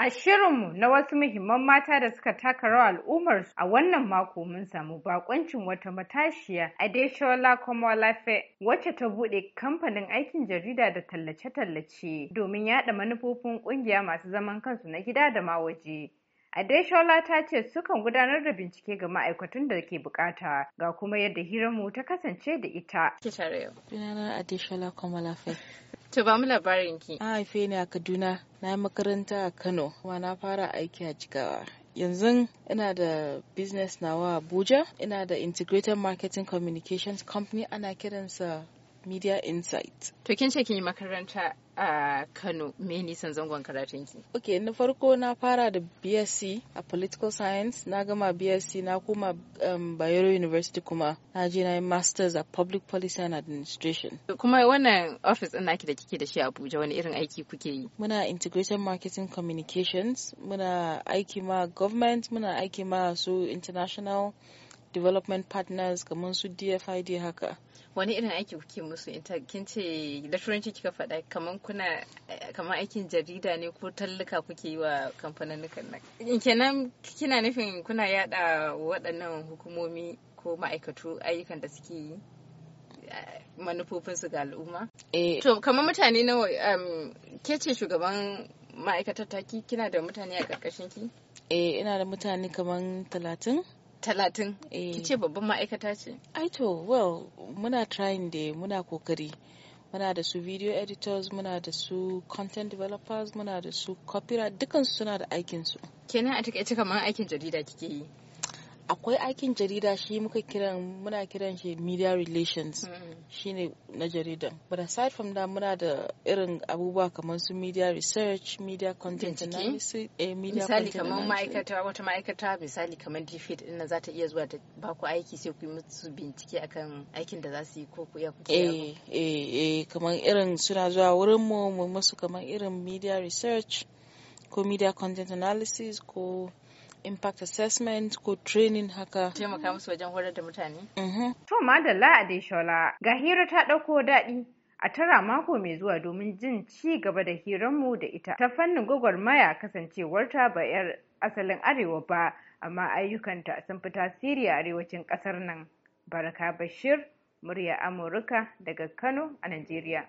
A shirinmu na wasu muhimman mata da suka taka rawa al'ummarsu a wannan mako mun samu bakoncin wata matashiya Adeshola Komolafe wacce ta buɗe kamfanin aikin jarida da tallace-tallace domin yaɗa manufofin ƙungiya masu zaman kansu na gida da ma waje. Adeshola ta ce sukan gudanar da bincike ga ma'aikatan da ke bukata ga kuma yadda hiranmu ta kasance da ita. Adeshola Komalafe. To ba mu labarin ki. An haife ni a Kaduna, na yi makaranta a Kano, kuma na fara aiki a Jigawa. yanzu ina da business nawa Abuja, ina da Integrated Marketing Communications Company ana kiransa Media insights To kin ce kin yi makaranta a Kano me nisan zangon karatun ki? Ok, na farko na fara da BSc a Political Science, na gama BSc na kuma um, Bayero University kuma na je na yi Masters a Public Policy and Administration. Kuma wannan office ɗin naki da kike da shi a Abuja wani irin aiki kuke yi? Muna Integrated Marketing Communications, muna aiki ma government, muna aiki ma su international development partners kamar su DFID haka. Wani irin aiki kuke musu ita kin ce da turanci kika faɗa kamar kuna kamar aikin jarida ne ko tallaka kuke yi wa kamfanonukan nan. Kenan kina nufin kuna yada waɗannan hukumomi ko ma'aikatu ayyukan da suke yi eh, manufofinsu ga al'umma? Eh. To kamar mutane nawa um, ke ce shugaban ma'aikatar taki kina da mutane a ƙarƙashin ki? Eh ina da mutane kamar talatin. talatin eh. ki ce babban ma'aikata ce ai well muna trying da muna kokari muna da su video editors muna da su content developers muna da su copyright dukansu suna da aikinsu kenan a cika kamar aikin jarida kike yi akwai aikin jarida shi muka kiran muna kiran shi media relations mm-hmm. shine na jaridan but aside from that muna da irin abubuwa kamar su media research media content analysis eh, media misali kamar ma'aikata wata ma'aikata misali kamar defeat ina za ta iya zuwa ta ba ku aiki sai ku yi musu bincike akan aikin da za su yi ko ku iya kuke eh eh eh kamar irin suna zuwa wurin mu mu musu kamar irin media research ko media content analysis ko impact assessment ko training haka taimaka musu wajen horar da mutane mhm. to madalla a dai shola ga hira ta ɗauko daɗi a tara mako mai zuwa domin jin ci gaba da hiranmu da ita ta fannin gwagwarmaya kasancewarta ba 'yar asalin arewa ba amma ayyukanta sun fi tasiri a arewacin ƙasar nan baraka bashir murya amurka daga kano a najeriya